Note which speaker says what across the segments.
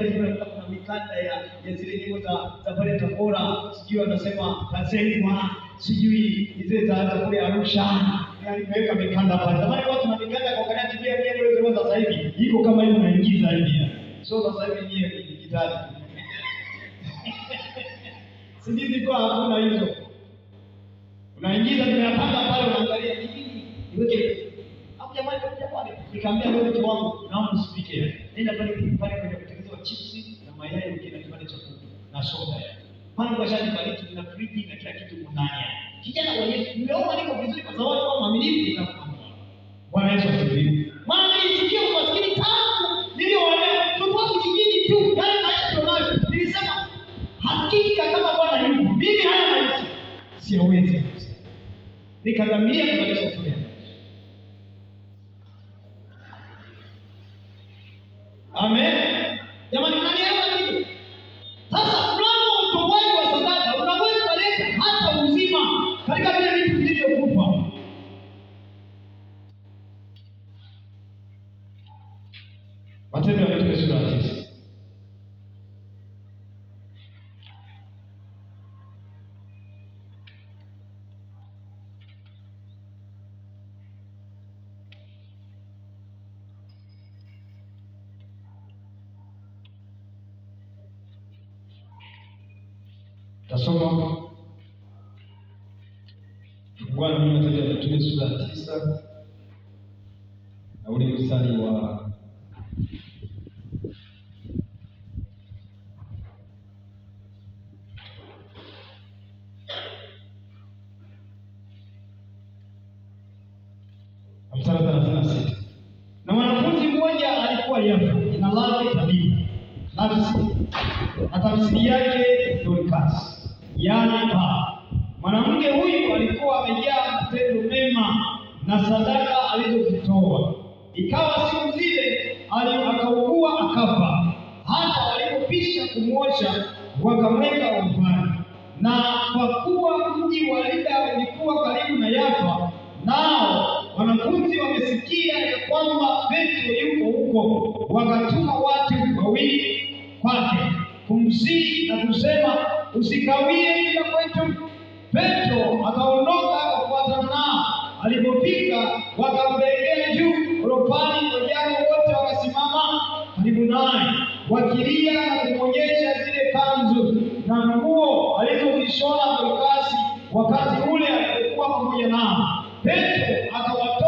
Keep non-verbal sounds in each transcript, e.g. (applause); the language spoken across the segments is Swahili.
Speaker 1: hivyo kuna mikanda ya zile nyimbo za pale Tabora, sijui wanasema Kazengwa, sijui zile za kule Arusha, yaani nimeweka mikanda pale. Zamani watu na mikanda kwa kanya tibia pia ndio zile sasa hivi iko kama hiyo unaingiza hivi. So sasa hivi ni digitali. (laughs) Sijui kwa hakuna hizo. Unaingiza tunayapanga pale unaangalia nini? Niweke. Hapo jamani, jamani, nikamwambia wewe mtu wangu naomba usipike. Nenda pale pale chipsi na mayai, wengine na kipande cha kuku na soda ya kwani kwa shati bariki na friji na kila kitu ndani ya kijana wa Yesu, nimeomba niko vizuri kwa sababu kwa mwaminifu na kumwamini Bwana Yesu asifiwe. Maana nilichukia umaskini tangu nilioelewa tupo kijijini tu, yale maisha tunayo nilisema hakika kama Bwana yupo mimi haya maisha siwezi. Nikadhamiria kubadilisha aliyekufa. Matendo ya Mitume sura ya tisa. Tasoma Bwana mimi nataja tutumie sura ya tisa na ule mstari wa mstari wa na sita mwanafunzi mmoja alikuwa Yafa, jina lake Tabibu, nafsi na tafsiri yake Dorkasi, yaani baba Mwanamke huyu alikuwa amejaa matendo mema na sadaka alizozitoa. Ikawa siku zile akaugua akafa, hata walipopisha kumwosha wakamweka wavani. Na kwa kuwa mji wa Lida ulikuwa karibu na Yafa, nao wanafunzi wamesikia ya kwamba Petro yuko huko, wakatuma watu wawili kwake kumsihi na kusema, usikawie kuja kwetu Petro akaondoka akafuatana nao. Alipofika wakampelekea juu ropani, wajane wote wakasimama karibu naye wakilia na kumwonyesha zile kanzu na nguo alizozishona kwa kasi wakati ule alipokuwa pamoja nao. Petro akawa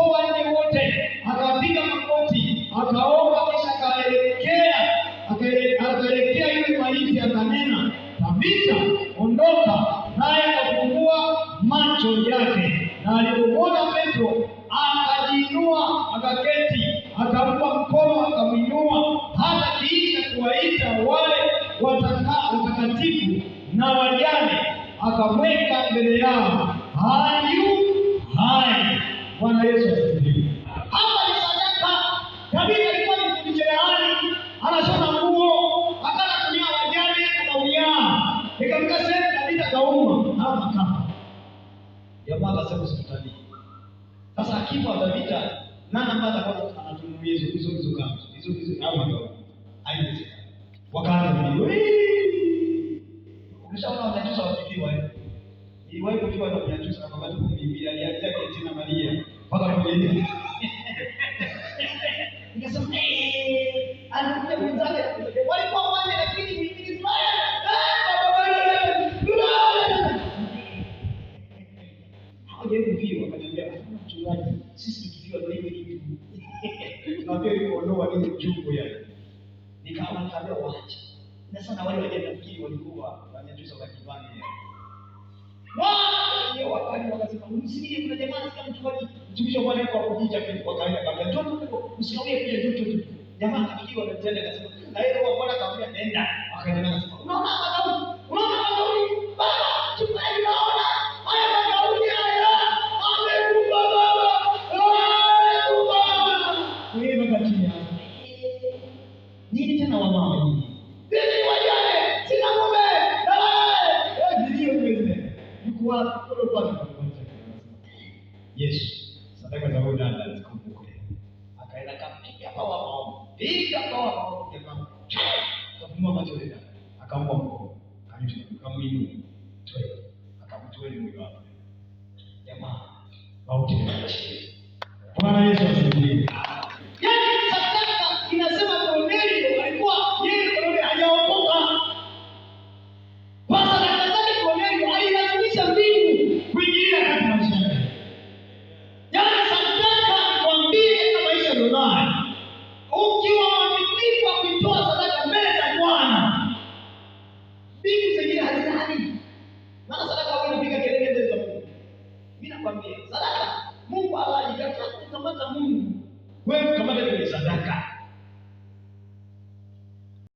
Speaker 1: ondoka, naye akafungua macho yake. Na alipomwona Petro akajiinua, akaketi, akampa mkono, akamwinua hata kiisha kuwaita wale watakatifu na wajane, akamweka mbele yao. Hayu hai! Bwana Yesu asifiwe. jamaa atasema hospitalini. Sasa akifa atavita nani ambaye atakuwa anatumia hizo hizo hizo kama hizo hizo au ndio? Haiwezekani. Wakaanza miungu ya nikawa nikaambia waache na sana wale waje nafikiri walikuwa wametuza kwa kibani ya wao wakati wakati wakasema msingi kuna jamaa sika mchungaji mtumisho kwa leo kwa kujicha kwa kawaida kabla ndio tu usiwe pia ndio tu jamaa kafikiri wanatenda akasema na yeye wao bwana kaambia nenda akaenda na Yesu sadaka za huyu dada zikumbuke. Akaenda kampiga kwa maombi, piga kwa maombi, jamaa kapumua macho tena, akampa mkono, kanyoshia, kamwinua, toe, akamtoa mwili wake. Jamaa bauti sadaka. Mungu hawajikata, kamata Mungu wewe, kamata ile sadaka